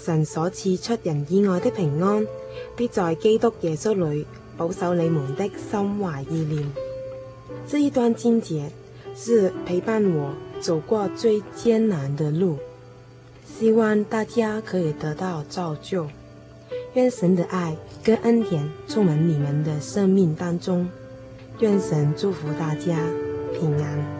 神所賜出人意外的平安，必在基督耶穌裏保守你們的心懷意念。這一段經節是陪伴我走過最艱難的路，希望大家可以得到造就。願神的愛跟恩典充滿你們的生命當中。願神祝福大家平安。